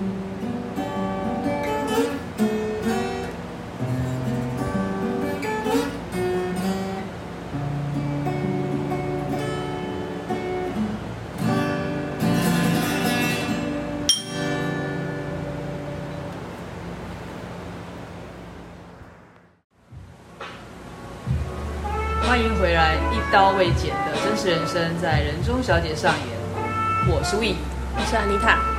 .歡迎回來，《一刀未剪》的真實人生在人中小姐上演。我是 Wee，我是安妮塔。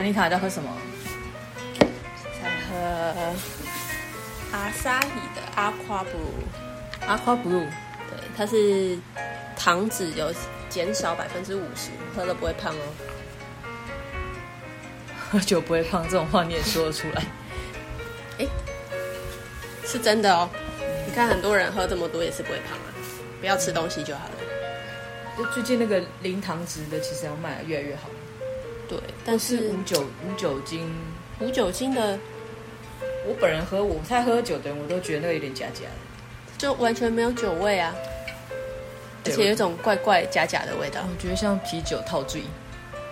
安妮卡在喝什麼？在喝阿薩里的阿誇布。阿誇布，對，它是糖脂有減少百分之五十，喝了不會胖哦。喝 酒不會胖這種話你也說得出來？哎、 欸，是真的哦。你看很多人喝這麼多也是不會胖啊，不要吃東西就好了。嗯、就最近那個零糖值的，其實要賣越來越好。對，但是，是無酒無酒精無酒精的，我本人喝，我不太喝酒的人，我都覺得那個有點假假的，就完全沒有酒味啊，對而且有一種怪怪假假的味道，我，我覺得像啤酒套醉，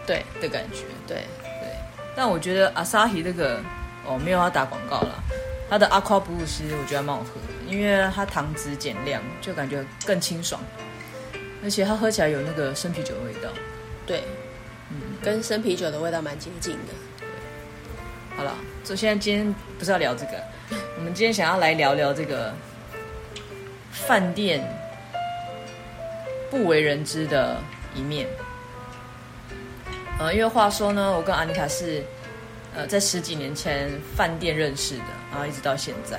對的感覺，對對。對對，但我覺得阿薩提那個哦，沒有要打廣告了，他的阿誇布魯斯我覺得還蠻好喝，因為它糖質減量，就感覺更清爽，而且它喝起來有那個生啤酒的味道，對。跟生啤酒的味道蠻接近的。對。好了，就現在今天不是要聊這個， 我們今天想要來聊聊這個飯店不為人知的一面。呃，因為話說呢，我跟安妮卡是呃在十幾年前飯店認識的，然後一直到現在，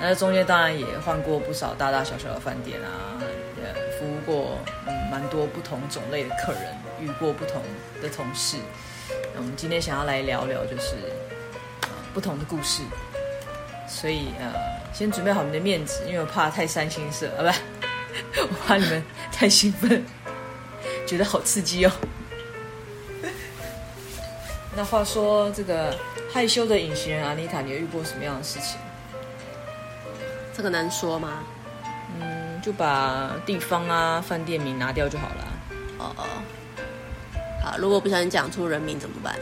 那中間當然也換過不少大大小小的飯店啊，也服務過嗯，蠻多不同種類的客人。遇過不同的同事，我們今天想要來聊聊，就是、呃、不同的故事。所以呃，先準備好你們的面子，因為我怕太三星色啊，不，我怕你們太興奮，覺得好刺激哦。那話說，這個害羞的隱形人阿妮塔，你有遇過什麼樣的事情？這個難說嗎？嗯，就把地方啊、飯店名拿掉就好了。哦哦。啊！如果不小心講出人名怎麼辦？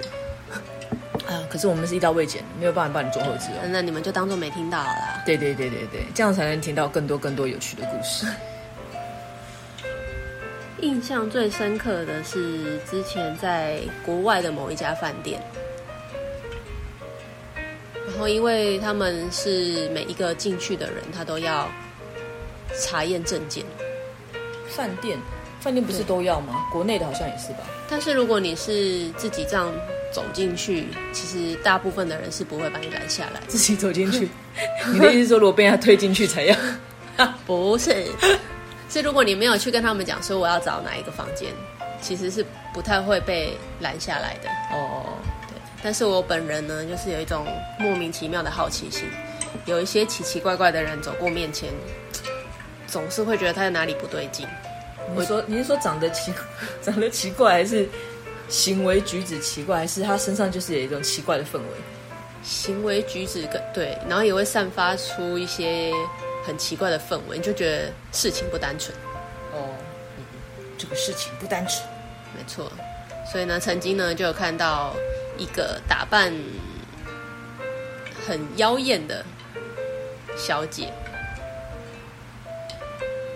啊！可是我們是一刀未剪，沒有辦法幫你，你做後期哦。嗯。那你們就當做沒聽到好了啦。對對對對對，這樣才能聽到更多更多有趣的故事。 印象最深刻的是之前在國外的某一家飯店，然後因為他們是每一個進去的人，他都要查驗證件。飯店。飯店不是都要嗎？對國內的好像也是吧。但是如果你是自己這樣走進去，其實大部分的人是不會把你攔下來的。自己走進去？ 你的意思是說，如果被他推進去才要？ 不是，是如果你沒有去跟他們講說我要找哪一個房間，其實是不太會被攔下來的。哦，oh. 對。但是我本人呢，就是有一種莫名其妙的好奇心，有一些奇奇怪怪的人走過面前，總是會覺得他在哪裡不對勁。你說我說你是說，長得奇長得奇怪，還是行為舉止奇怪，還是他身上就是有一種奇怪的氛圍？行為舉止跟，對，然後也會散發出一些很奇怪的氛圍，你就覺得事情不單純。哦、嗯，這個事情不單純，沒錯。所以呢，曾經呢就有看到一個打扮很妖豔的小姐，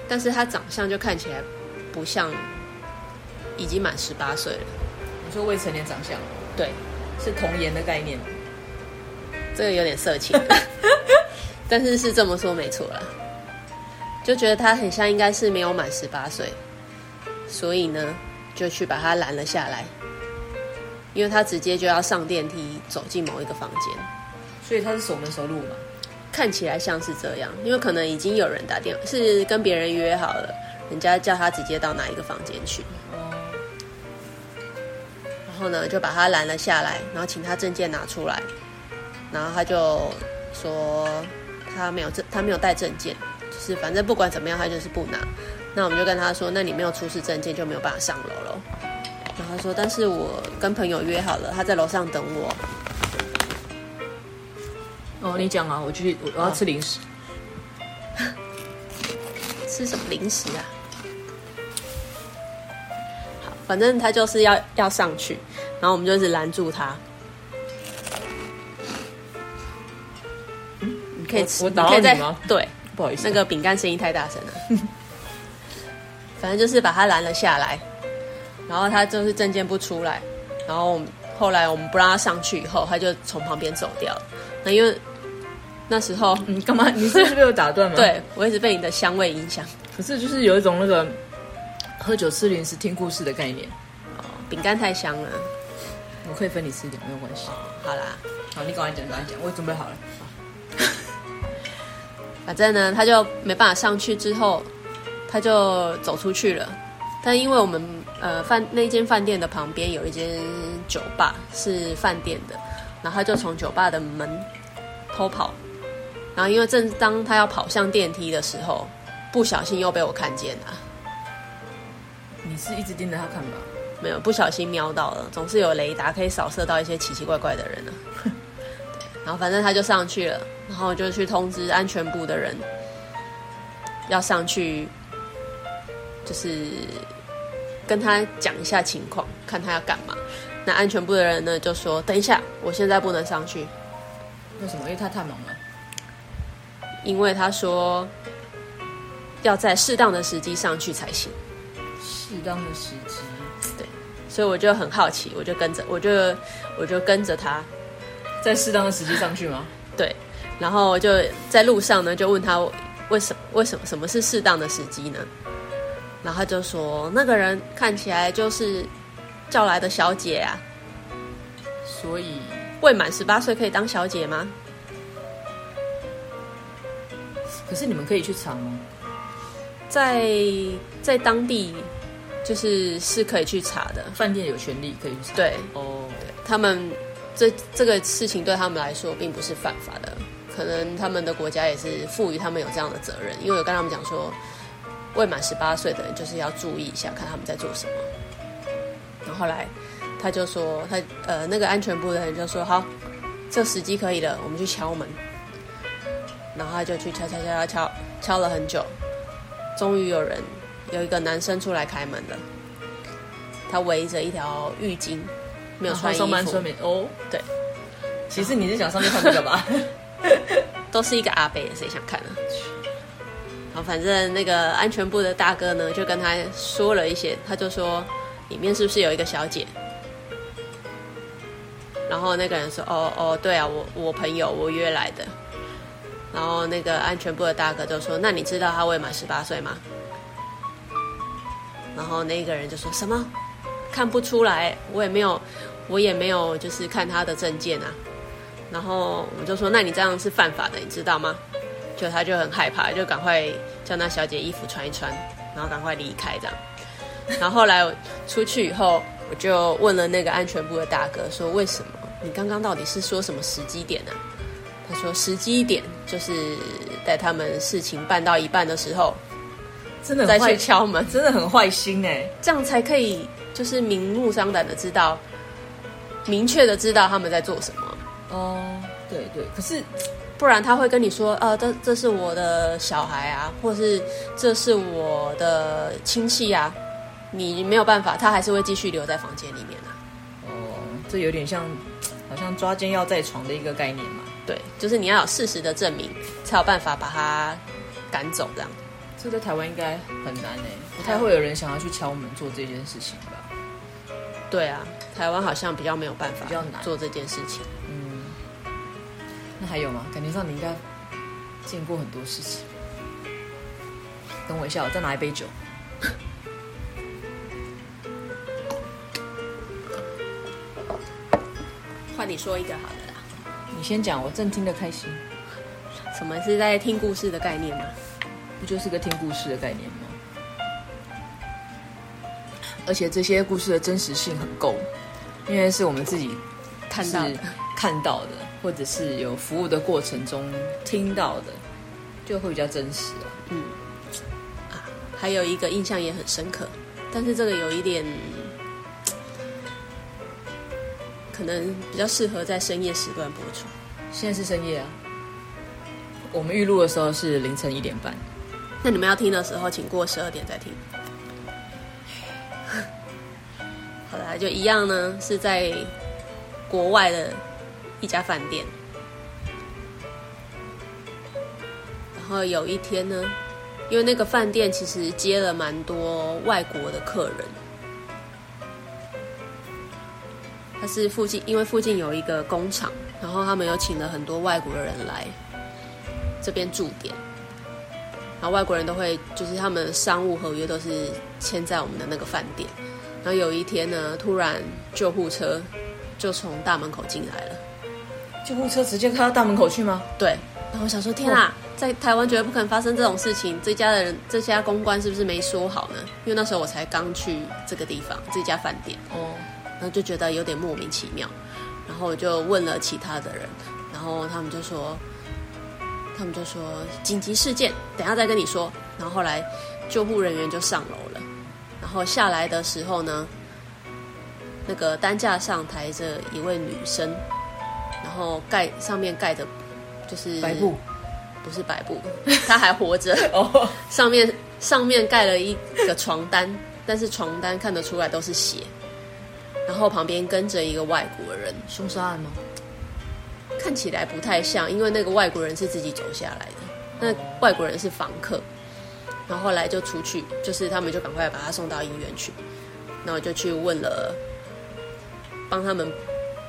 但是她長相就看起來。不像已經滿十八歲了，你說未成年長相，對，是童顏的概念，這個有點色情， 但是是這麼說沒錯了，就覺得他很像應該是沒有滿十八歲，所以呢就去把他攔了下來，因為他直接就要上電梯走進某一個房間，所以他是熟門熟路嘛，看起來像是這樣，因為可能已經有人打電話是跟別人約好了。人家叫他直接到哪一個房間去，然後呢，就把他攔了下來，然後請他證件拿出來，然後他就說他沒有證，他沒有帶證件，就是反正不管怎麼樣，他就是不拿。那我們就跟他說，那你沒有出示證件就沒有辦法上樓了。然後他說，但是我跟朋友約好了，他在樓上等我。哦，你講啊，我去，我要吃零食，哦，吃什麼零食啊？反正他就是要要上去，然後我們就一直攔住他。你，你可以吃，我打斷嗎？對，不好意思，那個餅乾聲音太大聲了。 反正就是把他攔了下來，然後他就是證件不出來，然後後來我們不讓他上去以後，他就從旁邊走掉了。那因為那時候你幹嘛？你這是，是被我打斷嗎？對，我一直被你的香味影響。可是就是有一種那個。喝酒、吃零食、聽故事的概念。哦，餅乾太香了，我可以分你吃一點，沒有關係。好啦，好，你講來講講，我準備好了。好 反正呢，他就沒辦法上去之後，他就走出去了。但因為我們呃飯那間飯店的旁邊有一間酒吧是飯店的，然後他就從酒吧的門偷跑。然後因為正當他要跑向電梯的時候，不小心又被我看見了。是一直盯着他看吧？沒有，不小心瞄到了。總是有雷達可以掃射到一些奇奇怪怪的人呢。 然後反正他就上去了，然後就去通知安全部的人要上去，就是跟他講一下情況，看他要幹嘛。那安全部的人呢，就說等一下，我現在不能上去。為什麼？因為他太忙了。因為他說要在適當的時機上去才行。適當的時機，對，所以我就很好奇，我就跟着，我就，我就跟着他，在適當的時機上去嗎？ 對，然後就在路上呢，就問他為什麼，為什麼什麼是適當的時機呢？然後他就說那個人看起來就是叫來的小姐啊，所以未滿十八歲可以當小姐嗎？可是你們可以去查嗎？在在當地。就是是可以去查的，飯店有權利可以去查。對，哦、oh.，他們這這個事情對他們來說並不是犯法的，可能他們的國家也是賦予他們有這樣的責任。因為有跟他們講說，未滿十八歲的人就是要注意一下，看他們在做什麼。然後後來他就說，他呃那個安全部的人就說，好，這時機可以了，我們去敲門。然後他就去敲敲敲敲敲敲，了很久，終於有人。有一個男生出來開門了，他圍着一條浴巾，沒有穿衣服。上、哦、對。其實你是想上去看這個吧？ 都是一個阿北，誰想看啊？然後反正那個安全部的大哥呢，就跟他說了一些。他就說：“裡面是不是有一個小姐？”然後那個人說：“哦哦，對啊，我我朋友，我約來的。”然後那個安全部的大哥就說：“那你知道他未滿十八歲嗎？”然後那個人就說什麼，看不出來，我也沒有，我也沒有，就是看他的證件啊。然後我就說，那你這樣是犯法的，你知道嗎？就他就很害怕，就趕快叫那小姐衣服穿一穿，然後趕快離開這樣。然後後來出去以後，我就問了那個安全部的大哥說，說為什麼你剛剛到底是說什麼時機點呢、啊？他說時機點就是在他們事情辦到一半的時候。真的再去敲門，真的很壞心哎、欸！這樣才可以，就是明目張膽的知道，明確的知道他們在做什麼。哦、呃，對對。可是，不然他會跟你說，啊、呃，這這是我的小孩啊，或是這是我的親戚啊，你沒有辦法，他還是會繼續留在房間裡面啊。哦、呃，這有點像，好像抓奸要在床的一個概念嘛。對，就是你要有事實的證明，才有辦法把他趕走這樣。這在台灣應該很難呢、欸，不太會有人想要去敲門做這件事情吧？對啊，台灣好像比較沒有辦法，比較難做這件事情。嗯，那還有嗎？感覺上你應該見過很多事情。等我一下，我再拿一杯酒。換 你說一個好了啦。你先講，我正聽得開心。什麼是在聽故事的概念嗎、啊？不就是個聽故事的概念嗎？而且這些故事的真實性很夠，因為是我們自己看到看到的，或者是有服務的過程中聽到的，就會比較真實啊，哦。嗯，啊，還有一個印象也很深刻，但是這個有一點，可能比較適合在深夜時段播出。現在是深夜啊，我們預錄的時候是凌晨一點半。那你們要聽的時候，請過十二點再聽。 好了，就一樣呢，是在國外的一家飯店。然後有一天呢，因為那個飯店其實接了蠻多外國的客人，他是附近，因為附近有一個工廠，然後他們又請了很多外國的人來這邊駐點。然後外國人都會，就是他們的商務合約都是簽在我們的那個飯店。然後有一天呢，突然救護車就從大門口進來了。救護車直接開到大門口去嗎？對。然後我想說，天哪、啊，哇在台灣絕對不可能發生這種事情。這家的人，這家公關是不是沒說好呢？因為那時候我才剛去這個地方，這家飯店。哦。然後就覺得有點莫名其妙。然後我就問了其他的人，然後他們就說。他們就說，緊急事件，等一下再跟你說。然後後來，救護人員就上樓了。然後下來的時候呢，那個擔架上抬着一位女生，然後蓋上面蓋的，就是白布，不是白布，她還活着。哦， 上面上面蓋了一個床單， 但是床單看得出來都是血。然後旁邊跟着一個外國人，兇殺案嗎？看起來不太像，因為那個外國人是自己走下來的。那外國人是房客，然後後來就出去，就是他們就趕快把他送到醫院去。然後就去問了幫他們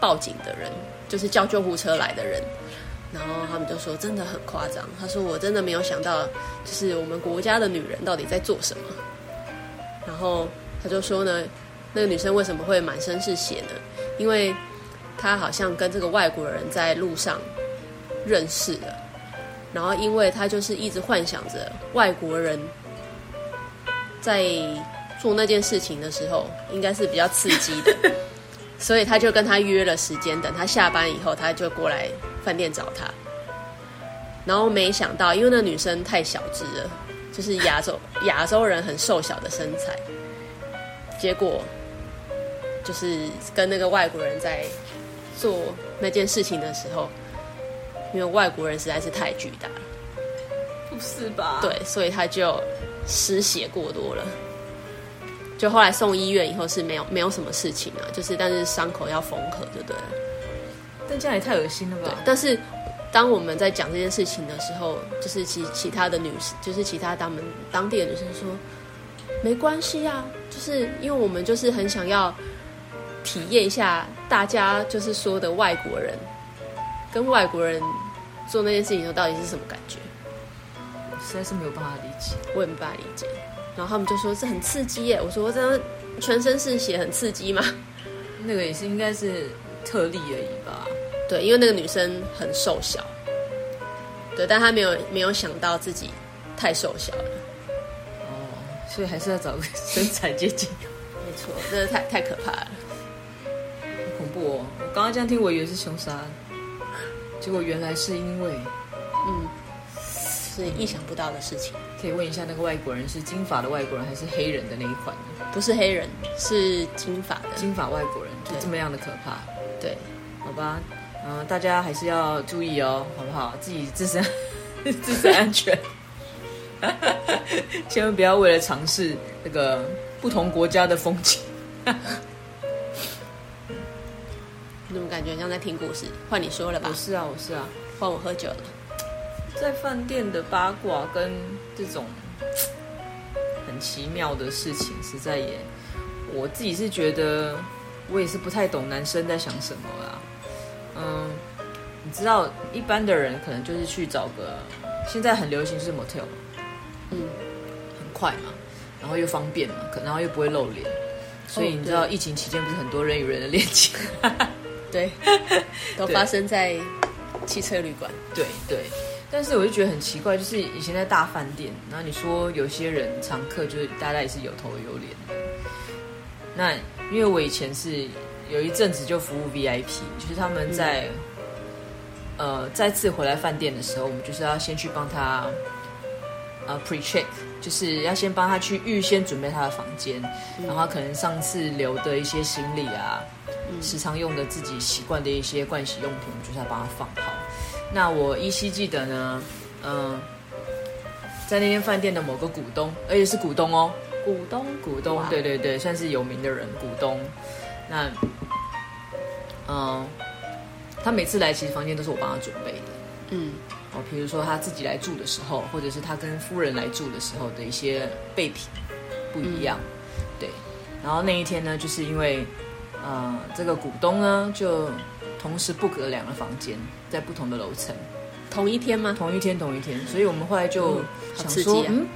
報警的人，就是叫救護車來的人。然後他們就說真的很誇張，他說我真的沒有想到，就是我們國家的女人到底在做什麼。然後他就說呢，那個女生為什麼會滿身是血呢？因為他好像跟這個外國人在路上認識的，然後因為他就是一直幻想着外國人在做那件事情的時候，應該是比較刺激的，所以他就跟他約了時間，等他下班以後，他就過來飯店找他。然後沒想到，因為那女生太小只了，就是亞洲亞洲人很瘦小的身材，結果就是跟那個外國人在。做那件事情的時候，因為外國人實在是太巨大了，不是吧？對，所以他就失血過多了，就後來送醫院以後是沒有沒有什麼事情啊，就是但是傷口要縫合，就對了，但這樣也太惡心了吧？對。但是當我們在講這件事情的時候，就是其其他的女生，就是其他他們當地的女生說，沒關係呀、啊，就是因為我們就是很想要。體驗一下，大家就是說的外國人，跟外國人做那件事情，又到底是什麼感覺？實在是沒有辦法理解，我也沒辦法理解。然後他們就說這很刺激耶，我說我真的全身是血，很刺激嗎？那個也是應該是特例而已吧。對，因為那個女生很瘦小，對，但她沒有沒有想到自己太瘦小了。哦，所以還是要找個身材接近 沒錯，真的太太可怕了。我剛剛這樣聽，我以為是凶殺，結果原來是因為，嗯，是意想不到的事情。可以問一下那個外國人是金髮的外國人還是黑人的那一款？不是黑人，是金髮的金髮外國人，就對這麼樣的可怕。對，對，好吧，嗯，大家還是要注意哦，好不好？自己自身自身安全， 千萬不要為了嘗試那個不同國家的風景。 你怎麼感覺像在聽故事？換你說了吧。我是啊，我是啊，換我喝酒了。在飯店的八卦跟這種很奇妙的事情，實在也，我自己是覺得，我也是不太懂男生在想什麼啦。嗯，你知道一般的人可能就是去找個現在很流行是 motel 嗎？嗯，很快嘛，然後又方便嘛，可然後又不會露臉，所以你知道疫情期間不是很多人與人的戀情？哦 對，都發生在汽車旅館。對對，但是我就覺得很奇怪，就是以前在大飯店，然後你說有些人常客就是大概也是有頭有臉的。那因為我以前是有一陣子就服務 VIP，就是他們在、嗯、呃再次回來飯店的時候，我們就是要先去幫他呃 pre check，就是要先幫他去預先準備他的房間，嗯、然後可能上次留的一些行李啊。時常用的自己習慣的一些盥洗用品，就是要把它放好。那我依稀記得呢，嗯、呃，在那間飯店的某個股東，而且是股東哦，股東，股東，哇對對對，算是有名的人，股東。那，嗯、呃，他每次來其實房間都是我幫他準備的，嗯，我譬如說他自己來住的時候，或者是他跟夫人來住的時候的一些備品不一樣，嗯、對。然後那一天呢，就是因為。呃，這個股東呢，就同時 book 了兩個房間，在不同的樓層，同一天嗎？同一天，同一天。所以我們後來就想說，嗯，啊、嗯，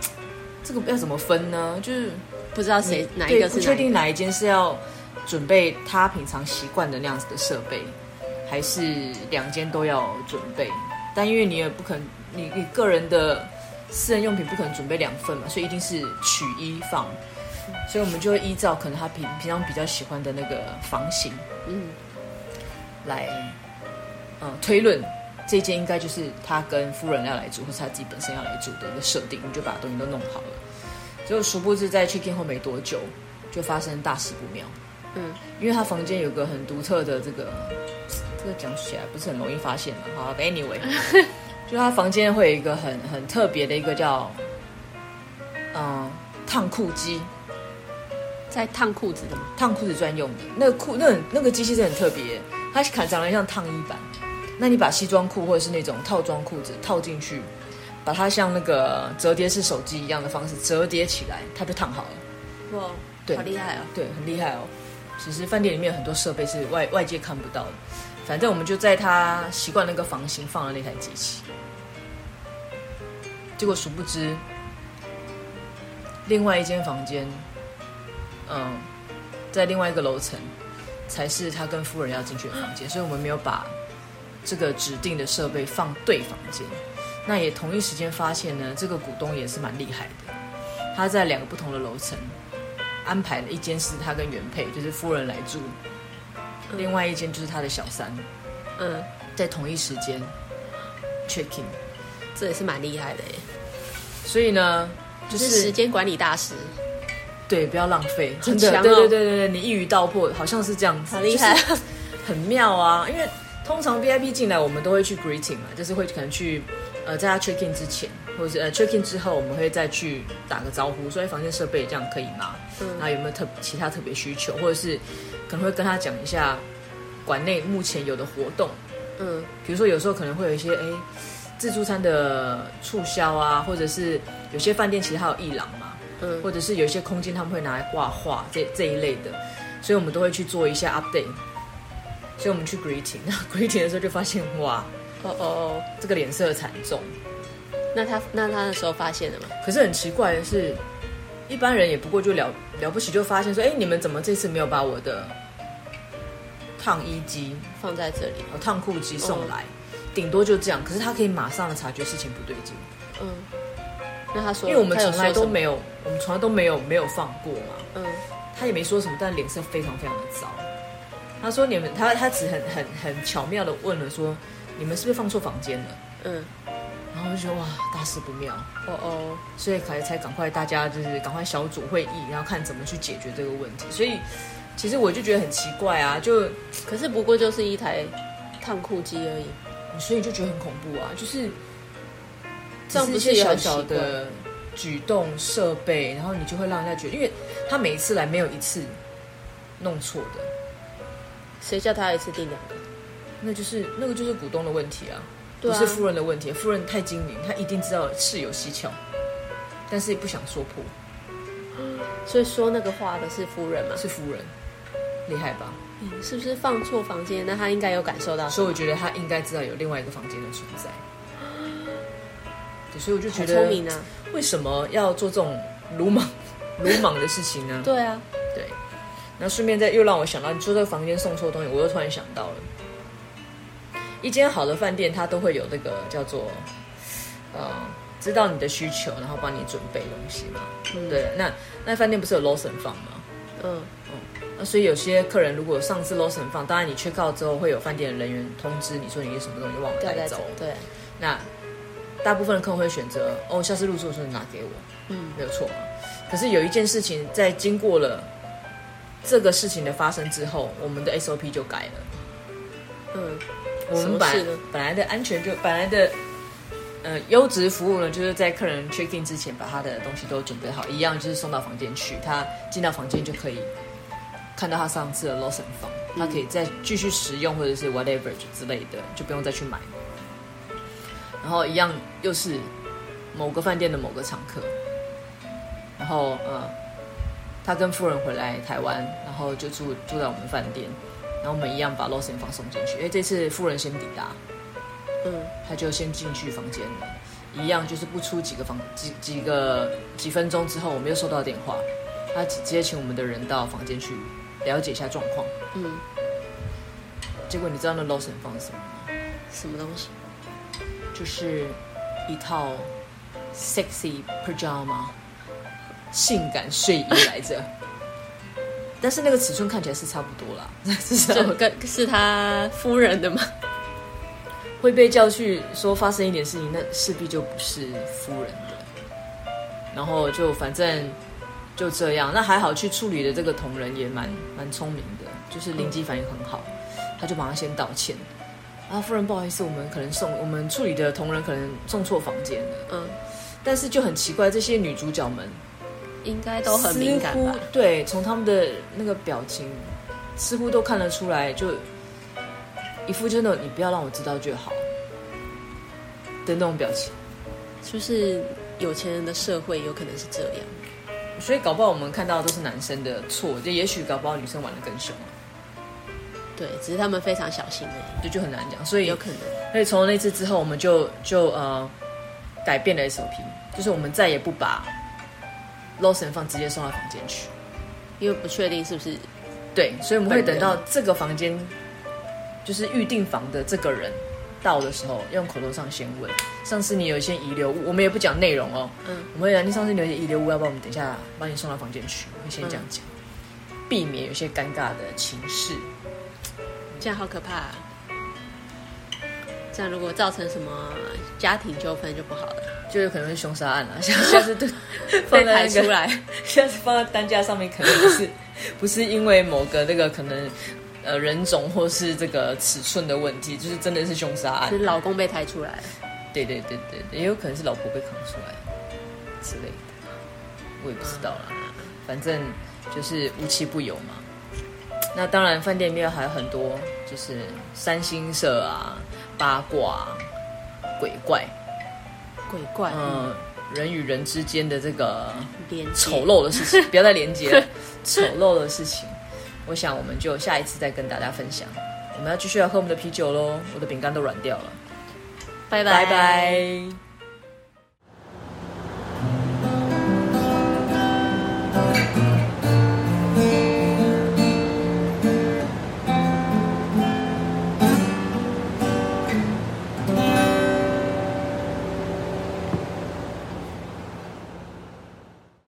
這個要怎麼分呢？就是不知道誰你哪一個，是哪一個不確定哪一間是要準備他平常習慣的那樣子的設備，還是兩間都要準備？但因為你也不可能，你你個人的私人用品不可能準備兩份嘛，所以一定是取一放。所以，我們就會依照可能他平平常比較喜歡的那個房型，嗯，來，呃，推論，這間應該就是他跟夫人要來住，或是他自己本身要來住的一個設定，我們就把東西都弄好了。結果，殊不知在 check in 後沒多久，就發生大事不妙，嗯，因為他房間有個很獨特的這個，這個講起來不是很容易發現的哈，anyway， 就他房間會有一個很很特別的一個叫，嗯，燙褲機。在燙褲子的嗎？燙褲子專用的，那褲那那個機器是很特別，它是看長得像燙衣板。那你把西裝褲或者是那種套裝褲子套進去，把它像那個折疊式手機一樣的方式折疊起來，它就燙好了。哇，對，好厲害哦！對，很厲害哦。其實飯店裡面很多設備是外外界看不到的，反正我們就在他習慣那個房型放了那台機器。結果殊不知，另外一間房間。嗯，在另外一個樓層才是他跟夫人要進去的房間，嗯、所以我們沒有把這個指定的設備放對房間。那也同一時間發現呢，這個股東也是蠻厲害的，他在兩個不同的樓層安排了一間是他跟原配，就是夫人來住；嗯、另外一間就是他的小三。嗯，在同一時間、嗯、check in，這也是蠻厲害的耶。所以呢，就是，是時間管理大師。對，不要浪費，真的。很強哦。對對對對，你一語道破，好像是這樣子，很厲害，很妙啊！因為通常 VIP 進來，我們都會去 greeting 嘛，就是會可能去呃，在他 check in 之前，或者是呃 check in 之後，我們會再去打個招呼，所以房間設備這樣可以嗎？嗯，然後，有沒有特其他特別需求，或者是可能會跟他講一下館內目前有的活動，嗯，比如說有時候可能會有一些哎自助餐的促銷啊，或者是有些飯店其實還有藝廊。或者是有一些空間他們會拿來掛畫這這一類的，所以我們都會去做一下 update。所以我們去 greeting，那 greeting 的時候就發現，哇，哦哦哦，這個臉色慘重那。那他那他的時候發現了嗎？可是很奇怪的是，嗯、一般人也不過就了了不起就發現說，哎、欸，你們怎麼這次沒有把我的燙衣機放在這裡，哦，燙褲機送來，頂、oh. 多就這樣。可是他可以馬上的察覺事情不對勁。嗯。那他說，因為我們從來都沒有，有我們從來都沒有沒有放過嘛。嗯，他也沒說什麼，但臉色非常非常的糟。他說你們，他他只很很很巧妙的問了說，你們是不是放錯房間了？嗯，然後我就說哇，大事不妙，哦哦，所以才才趕快大家就是趕快小組會議，然後看怎麼去解決這個問題。所以其實我就覺得很奇怪啊，就可是不過就是一台燙褲機而已，所以就覺得很恐怖啊，就是。上不是，很是小小的舉動設備，對然後你就會讓人家覺得，因為他每一次來沒有一次弄錯的，誰叫他一次定兩個？那就是那個就是股東的問題啊，啊不是夫人的問題。夫人太精明，他一定知道事有蹊蹺，但是也不想說破，嗯。所以說那個話的是夫人嗎？是夫人，厲害吧？嗯，是不是放錯房間？那他應該有感受到，所以我覺得他應該知道有另外一個房間的存在。所以我就覺得，啊、為什麼要做這種魯莽、魯莽的事情呢？ 對啊，對。那順便再又讓我想到，你住在房間送錯東西，我又突然想到了，一間好的飯店他都會有這個叫做，呃，知道你的需求，然後幫你準備東西嘛？嗯、對。那那飯店不是有 lost and found 嗎？嗯嗯。那所以有些客人如果有上次 lost and found，當然你 check out 之後會有飯店的人員通知你說你有什麼東西忘了帶走。對。對。那大部分的客戶會選擇哦，下次入住的時候你拿給我，嗯，沒有錯嘛。可是有一件事情，在經過了這個事情的發生之後，我們的 SOP 就改了。嗯，我們把本，本來的安全就本來的，呃，優質服務呢，就是在客人 check in 之前把他的東西都準備好，一樣就是送到房間去，他進到房間就可以看到他上次的 lotion 房，嗯，他可以再繼續使用或者是 whatever 之類的，就不用再去買了。然後一樣又是某個飯店的某個常客，然後嗯，他跟夫人回來台灣，然後就住住在我們飯店，然後我們一樣把露森芳送進去。哎，這次夫人先抵達，嗯，他就先進去房間了，一樣就是不出幾個房幾幾個幾分鐘之後，我們又收到電話，他直接請我們的人到房間去了解一下狀況，嗯，結果你知道那露森芳是什麼嗎？什麼東西？就是一套 sexy pajama，性感睡衣來着。 但是那個尺寸看起來是差不多啦。 就跟是他夫人的嘛，會被叫去說發生一點事情，那勢必就不是夫人的。然後就反正就這樣，那還好去處理的這個同仁也蠻、嗯、蠻聰明的，就是臨機反應很好，他就馬上先道歉。啊，夫人，不好意思，我們可能送我們處理的同仁可能送錯房間了。嗯，但是就很奇怪，這些女主角們應該都很敏感吧？對，從他們的那個表情似乎都看得出來，就一副真的你不要讓我知道就好的那種表情。就是有錢人的社會有可能是這樣，所以搞不好我們看到的都是男生的錯，就也許搞不好女生玩的更兇。對，只是他們非常小心而、欸、已，就就很難講。所以有可能。所以從那次之後，我們就就呃改變了 SOP，就是我們再也不把 lost and found 放直接送到房間去，因為不確定是不是對。所以我們會等到這個房間就是預訂房的這個人到的時候，用口頭上先問。上次你有一些遺留物，我們也不講內容哦、喔。嗯，我們會講，你上次留些遺留物，要不要我們等一下幫你送到房間去。我們先這樣講，嗯、避免有些尷尬的情勢。這樣好可怕、啊！這樣如果造成什麼家庭糾紛就不好了，就有可能是兇殺案了、啊。像是對，被抬出來，下次放在擔架上面，可能不是 不是因為某個那個可能呃人種或是這個尺寸的問題，就是真的是兇殺案、啊。是老公被抬出來，對對對對，也有可能是老婆被扛出來之類的，我也不知道了。嗯、反正就是無奇不有嘛。那當然，飯店裡面還有很多，就是三星社啊、八卦、啊、鬼怪、鬼怪，嗯，嗯，人與人之間的這個醜陋的事情，連結。不要再連接醜 陋的事情。我想，我們就下一次再跟大家分享。我們要繼續來喝我們的啤酒咯。我的餅乾都軟掉了。拜拜拜。Bye bye